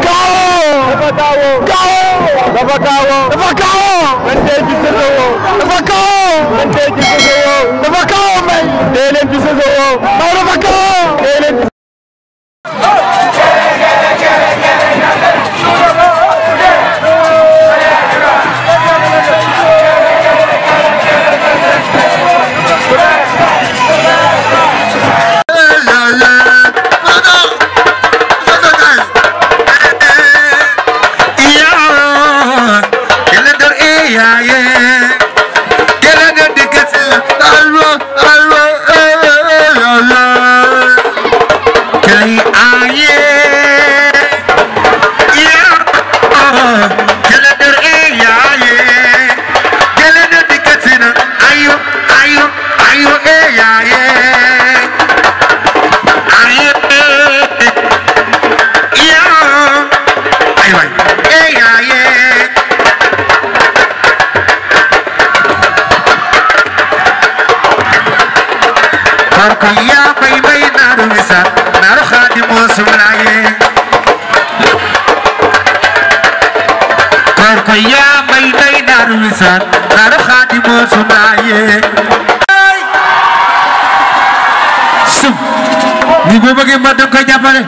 dafa kaawoo dafa kaawoo dafa kaawoo man dee ci Sosowoo dafa kaawoo man dee ci Sosowoo dafa kaawoo may dee leen ci Sosowoo رقيا بي بي نار وسا نار خادم وسملاي رقيا بي بي نار وسا نار خادم وسملاي سم نيبو بگي مدو کي جا پري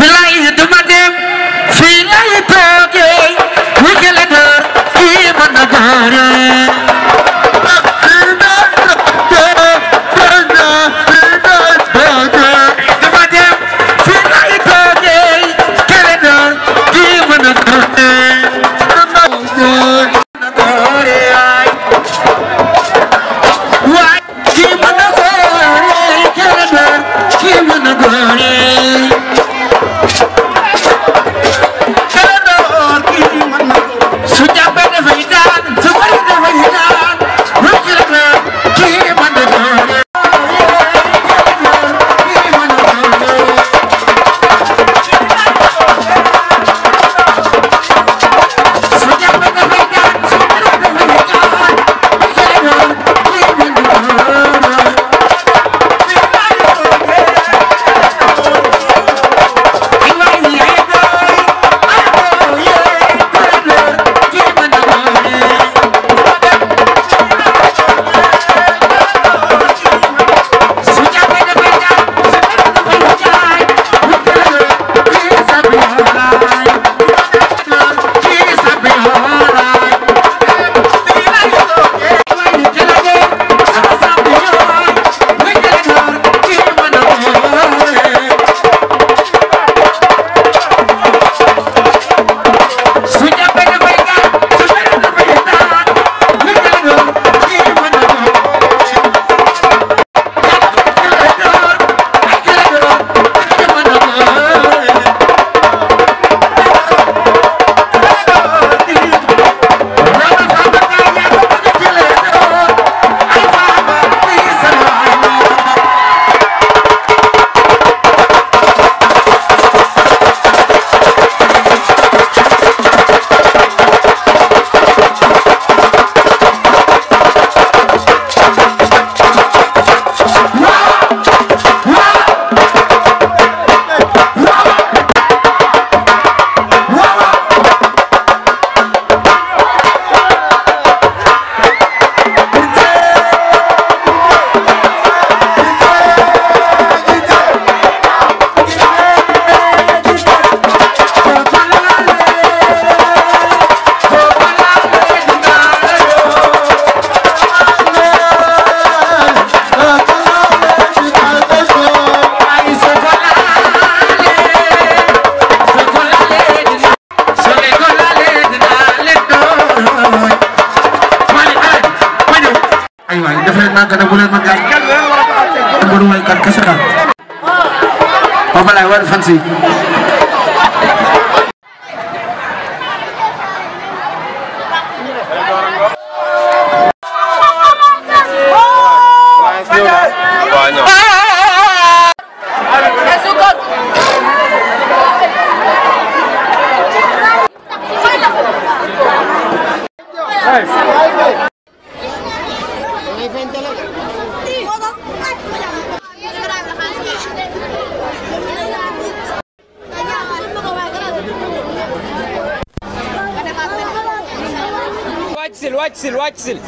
بلا karena bulan mengganti berwaikan keserah pembelawan fancy Nice. wàcc sil wàcc sil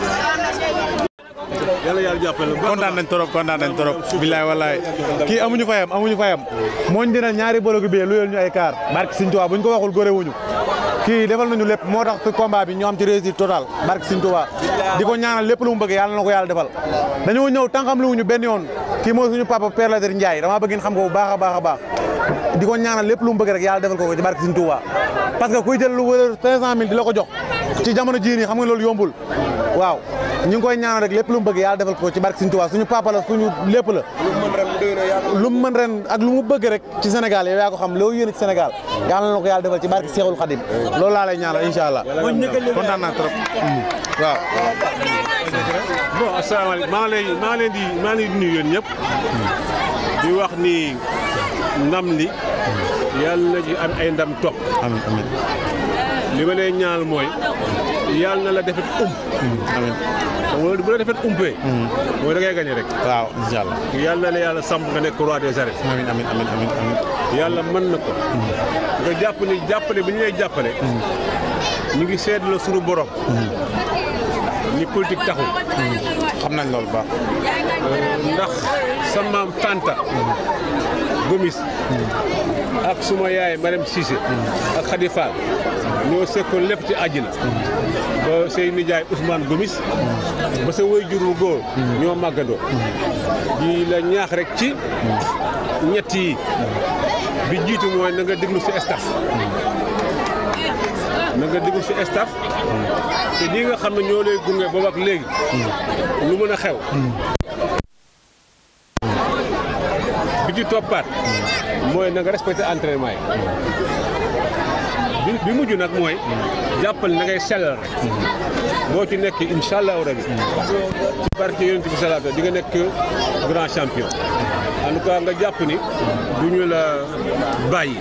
yàlla yàlla jàppale kontaan nañ trop kontaan nañ trop bilaay walaay kii amuñu fayam amuñu fayam mooñ dina ñaari bologu bi lu yel ñu barke Sëñ buñ ko waxul góore wuñu kii defal nañu lépp moo tax ci combat bi ñu am ci réussite totale barke Sëñ Tuubaa di ko ñaanal lépp lu mu bëgg yàlla na ko yàlla defal dañoo ñëw tànkam lu wuñu benn yoon kii mooy suñu papa Père Latir Ndiaye dama bëgg ngeen xam ko bu baax a baax a baax di ko ñaanal lépp lu mu bëgg rek yàlla defal ko ko ci barke Sëñ parce que kuy jël lu wër ci jamono jii nii xam nga lolou yombul waw ñu ngoy ñaan rek lepp lu mu bëgg yalla defal ko ci barke Sëriñ touba suñu papa la suñu lepp la lu mu mën ren ak lu mu bëgg rek ci Sénégal yow ya ko xam lo yeen ci Sénégal yalla nako yalla defal ci barke cheikhul khadim lolou la lay ñaan inshallah allah na naa trop bo assalamu alaykum ma lay ma lay di ma lay di nuyu yéen ñëpp di wax ni ndam ni yalla ji am ay ndam top amin amin lima lay leen moy yàlla na la defet ump amiin bu la defet umpee hmm. mooy da ngay gañe rek waaw incha yàlla na la yàlla sàmm nga nekk roi des arènes amiin amiin amiin amiin yàlla mën na ko hmm. nga jàpp ne jàppale bi ñu lay jàppale hmm. ñu ngi seetlu la sunu borom ni politique taxul xam nañ loolu baax euh, ndax sa maam tanta ak suma yaay Marème Cissé ak Khady ñoo sekkoon lépp ci àddina ba say nijaay Ousmane Gomis ba sa wéy juru góor ñoo màggandoo di la ñaax rek ci ñett yi bi jiitu mooy na nga déglu si staff na nga déglu si staff te ñi nga xam ne ñoo lay gunge boobu ak léegi lu mën a xew bi ci toppaat mooy na nga respecté entraînement yi bi bi mujj nag mooy jàppal na ngay sellal rek boo ci nekk incha allahu rabi ci barke yonent bi salaatu di nga nekk grand champion en tout nga jàpp ni du ñu la bàyyi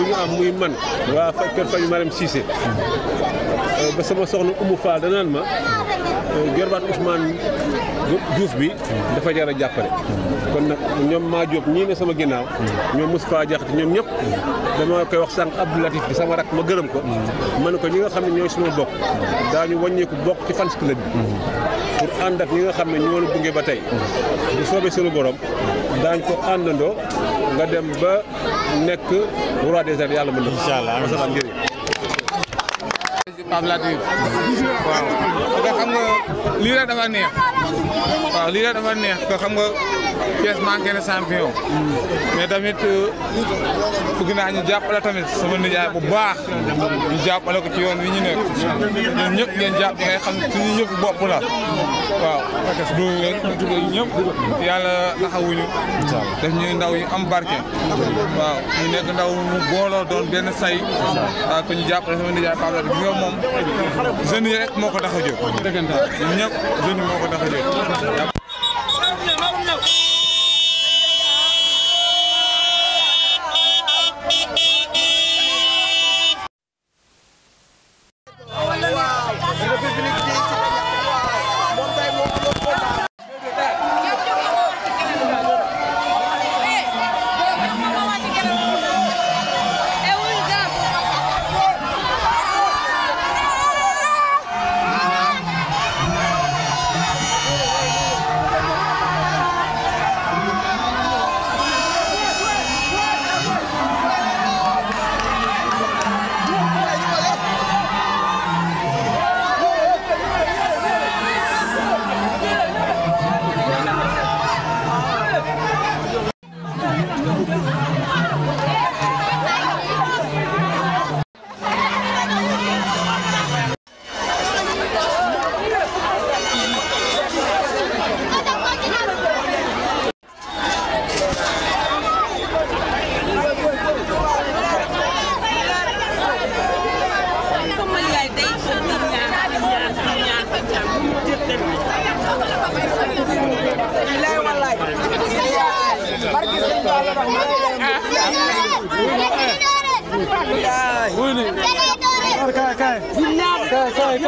ñu am muy man waa kër Faye Marème Cissé ba sama soxna Oumou Fall danaan ma Euh, Gerbaat Ousmane Diouf bi. dafa jar a jàppale. kon nag ñoom maa Diop ñii ne sama ginnaaw. ñoom Moustapha Diakhaté ñoom ñëpp. dama koy wax sànq Abdou Latif bi sama rak ma gërëm ko. ma ne ko ñi nga xam ne ñooy suma bokk. daañu wàññeeku bokk ci fans club bi. ànd ak ñi nga xam ne ñoo la ba tey. bu soobee suñu borom. daañ ko àndandoo nga dem ba nekk roi des arènes yàlla mën na. Pape Latif waaw nga xam nga lii rek dafa neex waaw lii dafa neex nga xam nga Thiès manqué na champion. mais tamit bëgg euh, naa ñu jàppale tamit sama nijaay bu baax. ñu ko ci yoon wi ñu ne ñun ñëpp ngeen jàpp ngay xam suñu ñëpp bopp la. waaw du yàlla taxawuñu. daf ñu ndaw yu am barke. waaw ñu nekk ndaw mu booloo doon benn say. waaw ko ñu jàppale sama nijaay Pape Abdou Diop moom jeunes rek moo a jóg. dëggantaan ñun ñëpp jeunes yi moo ko tax a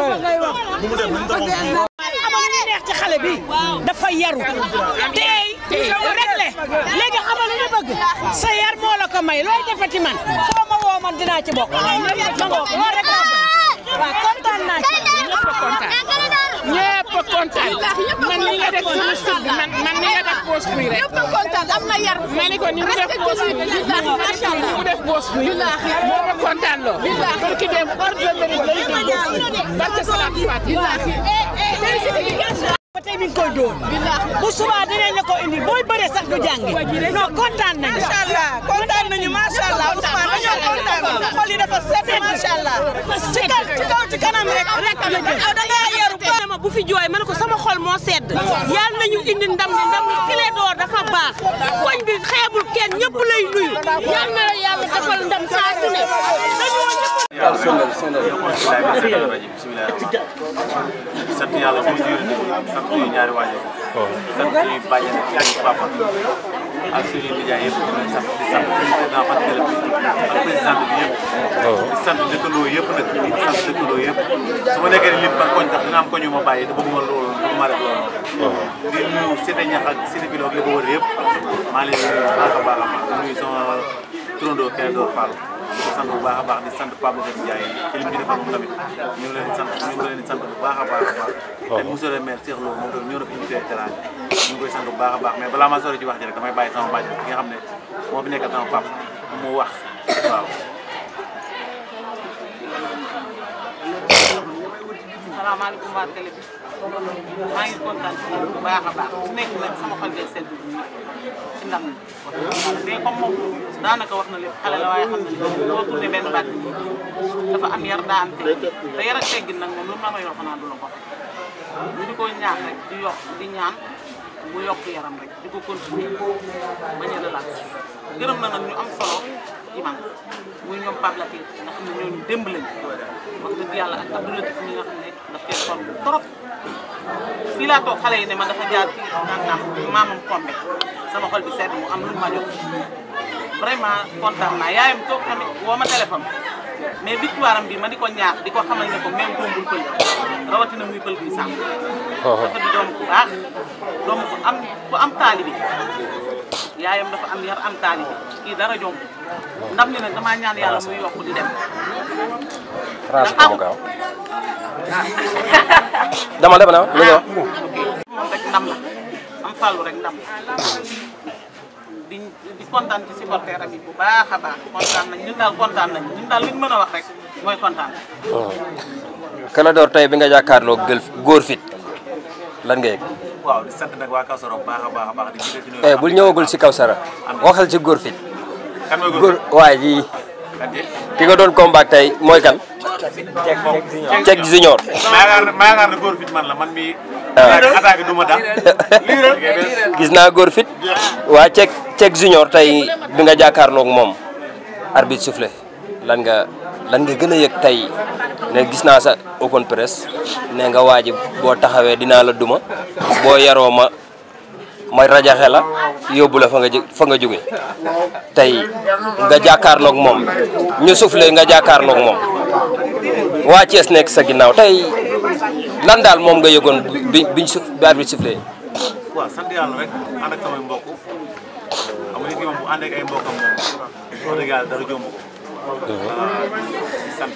bu mu def ci xale bi dafa yaru tey rek le léegi xamal li bëgg sa yar moo la ko may looy defati man soo ma woo man dinaa ci bokk ma ngoog loolu rek laa bëgg waaw ci ñëpp ñëpp a kontaan. man ni nga def suñu sud bi man ni nga def poos buy rek. ñëpp ni ko ni mu def poos buy ni mu def loo. parce que dem ordre de mérite lay jël poos buy. ba tey mi ngi koy dóor bu subaa dinañ la ko indi booy bëre sax du jàngi non kontaan nañu. macha allah kontaan nañu macha allah Ousmane dañoo kontaan xol yi dafa set macha allah. ci kaw ci kaw ci kanam rek rek la jëm da ngaa yaru ma bu fi jooy ma ne ko sama xol moo sedd yàlla nañu indi ndam ni ndam ni Clé d'or dafa baax koñ bi xeebul kenn ñëpp lay nuyu yàlla na la yàlla defal ndam saa su ne. sant yàlla sant suñu ñaari waajur. waaw sant suñuy bàjjen ak suñu papa a suñuy nijaay yëpp di sant di sant président Fatou Seye yëpp. waaw di sant dëkkandoo yëpp nag di yëpp su ma nekkee lim koñ tax dina am ko ñu ma bàyyi te bëgguma loolu bëgguma def loolu. waaw di nuyu li ko wër yëpp maa ngi leen di nuyu baax a baax a baax di nuyu sama turandoo Kédour Fall. di sant bu baax a baax di sant Pape Ndeye Ndiaye ci lim ñu defal moom tamit ñu leen di bu baax a baax a baax oh. te monsieur le maire Cheikh Lo moom tamit ñëw na fi ñu tee ñu ngi baax a baax mais balaa ma sori ci wax ji rek damay bàyyi sama bàjj ki xam ne moo fi nekkal sama papa mu wax waaw salaamaaleykum waa télé maa ngi kontaan bu baax a baax su sama xol bee sedd ci ndam la. mais comme moom daanaka wax na lépp xale la waaye xam na ne boo tourné benn baat dafa nag moom lu ma la yokk du la ko ñu di ko ñaax rek di yokk di ñaan bu yokk yaram rek di ko continuer bañ a relax gërëm na nag ñu am solo ci man muy ñoom Pape Latif nga xam ne ñooñu démb lañ wax dëgg yàlla fii laa toog xale yi ne ma dafa jaar ci naan maamam Kombe sama xol bi sedd mu am lu ma jox vraiment kontaan naa yaayam toog tamit woo ma téléphone mais victoire am bi ma di ko ñaax di ko xamal ne ko même doombul pël rawatina muy pël kuy sàmm. Oh. dafa di doom ku baax doom am ku am taalibi yaayam dafa am yar am taalibi kii dara jomb ndam li nag damaa ñaan yàlla muy yokk di dem. ndax am dama dama dama li nga wax. moom la am fàllu hmm. bi nga jàkkaarloo gël góor fit lan nga yëg. waaw a baax a ci nuyu. Eh, bul ñëwagul si Kawsara waxal ci góor fit. góor waaye ji ki nga doon combat tey mooy kan. Cech Junior. man la man gis naa góor fit waa Cech Cech Junior tey bi nga jàkkaarloog moom. arbitre soufflé lan nga lan nga gën a yëg tey ne gis naa sa open press ne nga waaji boo taxawee dinaa la duma boo yaroo mooy rajaxe la yóbbu la fa nga fa nga jóge tey nga jàkkaarloog moom ñu soufflé nga jàkkaarloog moom waa Thiès nekk sa ginnaaw tey lan daal moom nga yëgoon bi biñ su bi arbitre di sant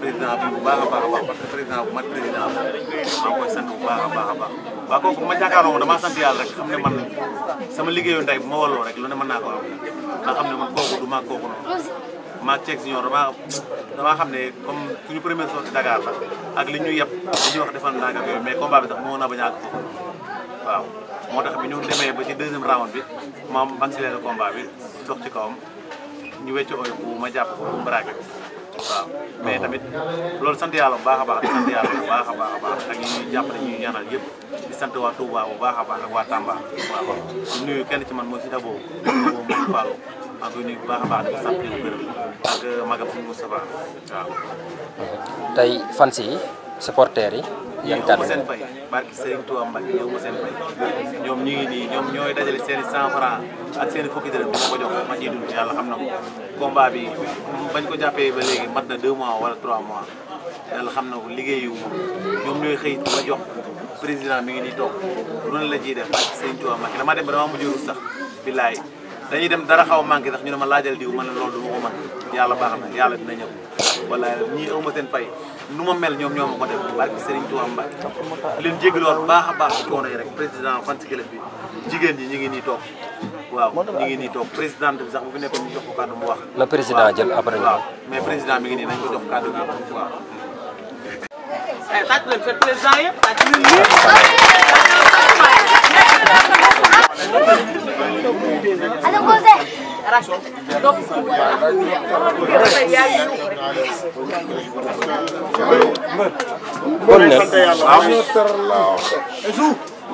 président bi bu baax a baax a baax parce que président bu mat président am maa ngi koy sant bu baax a baax a baax waaw kooku ma jàkkaarloo damaa sant yàlla rek xam ne man sama liggéeyu ndey bu ma waloo rek lu ne mën naa ko am ndax xam ne man kooku du maag kooku noonu maag ceeg si ñoom damaa damaa xam ne comme suñu première sortie Dakar la ak li ñu yeb li ñuy wax defal naa ak yooyu mais combat bi sax moo na ba ñàkk foofu waaw moo tax bi ñu demee ba ci deuxième round bi moom accéléré combat bi dox ci kawam ñu wecc ooy bu ma jàpp ko braqué waaw mais tamit loolu sant yàlla bu baax a baax di baax a baax a baax ak ñuy jàppale ñuy sant waa Touba baax a baax ak waa Tamba waaw nuyu kenn ci man mooy si daboo boobu moom Fallou maa ngi baax a baax di ko sant di ko gërëm ak magam Moustapha waaw tey fans yi supporters yi yéen tànn seen fay barki Serigne Touba Mbacké yow ma seen fay ñoom ñu ngi nii ñoom ñooy dajale seeni i 100 ak seen i fukki dërëm ko jox ma ciy dund yàlla xam na ko combat bi bañ ko jàppee ba léegi mat na 2 mois wala 3 mois yàlla xam na ko liggéeyu ñoom ñooy xëy ma jox président mi ngi nii toog noonu la ciy def barki Serigne Touba Mbacké dama dem ba dama mujj ruus sax billaay dañu dem dara xaw a manqué sax ñu ne ma laajal diw ma ne loolu du ma ko mën yàlla baax na yàlla dina ñëw walaay ñii aw ma seen fay nu ma mel ñoom ñoo ma ko def barke Serigne Touba Mbacke di leen jégaluwaat baax a baax coono yi rek président fan bi jigéen ñi ñu ngi nii toog waaw ñu ngi nii toog présidente bi sax bu fi nekkoon ñu jox ko kàddu mu wax. la président jël après waaw mais président mi ngi nii nañ ko jox kàddu gi waaw. Eh, leen seen président yëpp rak donc kon nag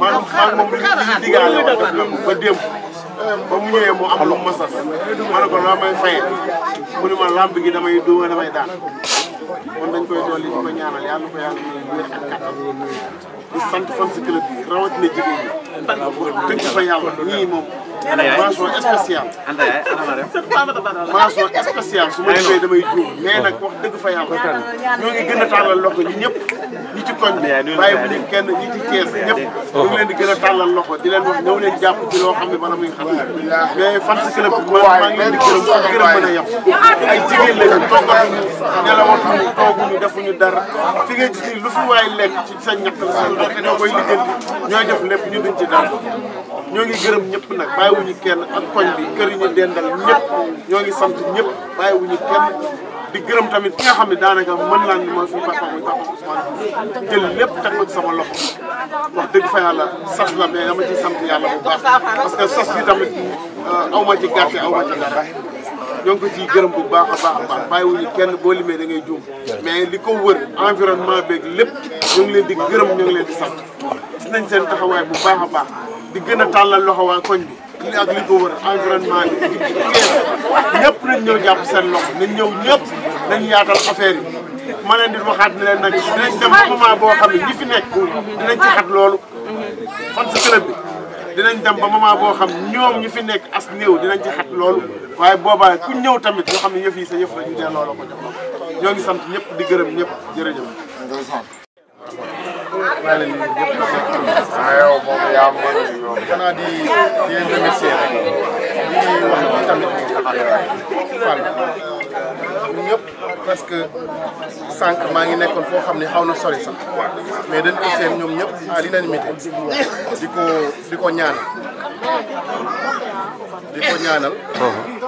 man man moom li digaale woon ba démb ba mu ñëwee mu am lu mu mos a ma ne ko laa may fayee mu ne ma lamb gi damay duma damay daan kon dañ koy dolli di ko ñaanal yàlla ko yàlla wér ak kattan di sant fan si club bi rawatina jigéen ñi. dëgg fa yàlla ñii moom. mention spéciale. mention spéciale su ma defee damay juum mais nag wax dëgg fa yàlla ñoo gën a tàllal loxo ñi ñëpp ñi di a tàllal loxo di leen wax ñëw leen jàpp ci loo xam ne bala muy xam mais fan si club bi maa ngi leen di gërëm fu gën a a jigéen lañu toggatuñu nelawatuñu tooguñu defuñu dara fi nga gis ni lu fi waay lekk ci sa ñett la ndax ñoo koy liggéenti ñooy def lépp ñu dañ ci dara ñoo ngi gërëm ñëpp nag bàyyiwuñu kenn ak koñ bi kër yi ñu dendal ñëpp ñoo ngi sant ñëpp bàyyiwuñu kenn di gërëm tamit ki xam ne daanaka mën naa ni ma suñu papa muy papa Ousmane jël lépp teg ko ci sama loxo wax dëgg fa yàlla sas la mais dama ci sant yàlla bu baax parce que sas bi tamit euh, aw ma ci gàcce aw ma ci dara ñoo ngi ko ciy gërëm bu baax a baax a baax bàyyiwuñu kenn boo limee da ngay juum mais li ko wër environnement beeg lépp leen di gërëm ñoo ngi leen di sant gis nañ seen taxawaay bu baax a baax di gën a tàllal loxo waa koñ bi li ak li ko wër environnement bi kees ñëpp nañ ñëw jàpp seen loxo nañ ñëw ñëpp nañ yaatal affaire yi ma leen di waxaat ne leen nag dinañ dem moment boo xam ne ñi fi nekk di dinañ ci xat loolu fan si club bi dinañ dem ba moment boo xam ñoom ñu fi nekk as néew dinañ ci xat loolu waaye boobaa ku ñëw tamit ñoo xam ne yëf yi sa yëf la ñu delloo la ko jox la ñoo ngi sant ñëpp di gërëm ñëpp jërëjëf. maa ngi leen di ñëpp ah yow moom yaa mën di di remercier rek tamit ñëpp parce que sànq maa ngi nekkoon foo xam ne xaw na sori sax mais dañ ko seen ñoom ñëpp à l'unanimité di ko di ko ñaanal di ko ñaanal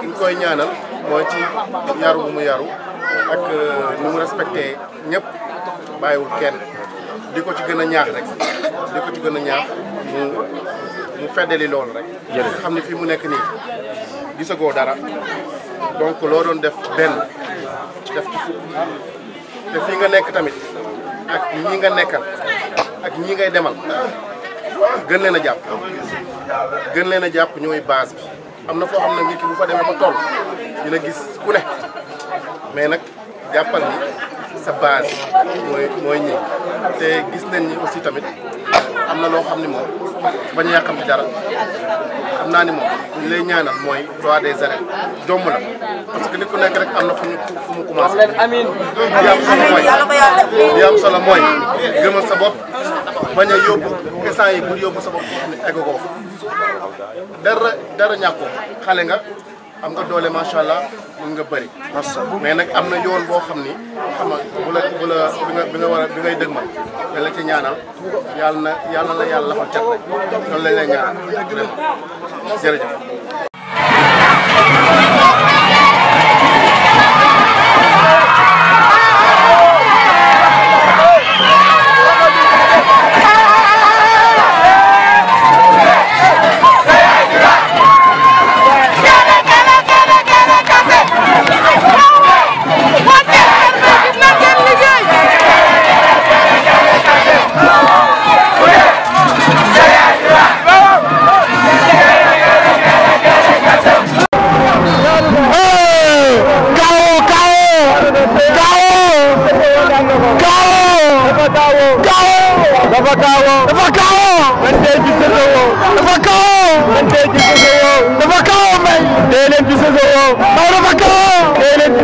di koy ñaanal mooy ci yaru bu mu yaru ak euh, nu mu respecté ñëpp bàyyiwul kenn di ko ci gën a ñaax rek di ko ci gën a ñaax mu mu loolu rek xam ne fii mu nekk nii gisagoo dara donc loo doon def benn def ci te fii nga nekk tamit ak ñi nga nekkal ak ñii ngay demal gën leen a jàpp gën leen a jàpp ñooy base bi am na foo xam ne nit ki bu fa demee ba toll dina gis ku ne mais nag jàppal ni sa base mooy mooy ñi te gis nañ ni aussi tamit am na loo xam ne moom bañ a yàqam dara xam naa ni moom li lay mooy roi des arènes jomb la parce que nit ku nekk rek am na fu ñu fu mu commencé. amiin li am solo mooy li am solo mooy gëmal sa bopp bañ a yóbbu instant yi bul yóbbu sa bopp ko dara dara xale nga. am nga doole macha allah mën nga bëri. mais nag am na yoon boo xam ni xam nga bu bi nga bi war a bi ngay dëgmal ma la ci ñaanal yàlla na yàlla na yàlla lafal cat rek loolu lañ lay ñaanal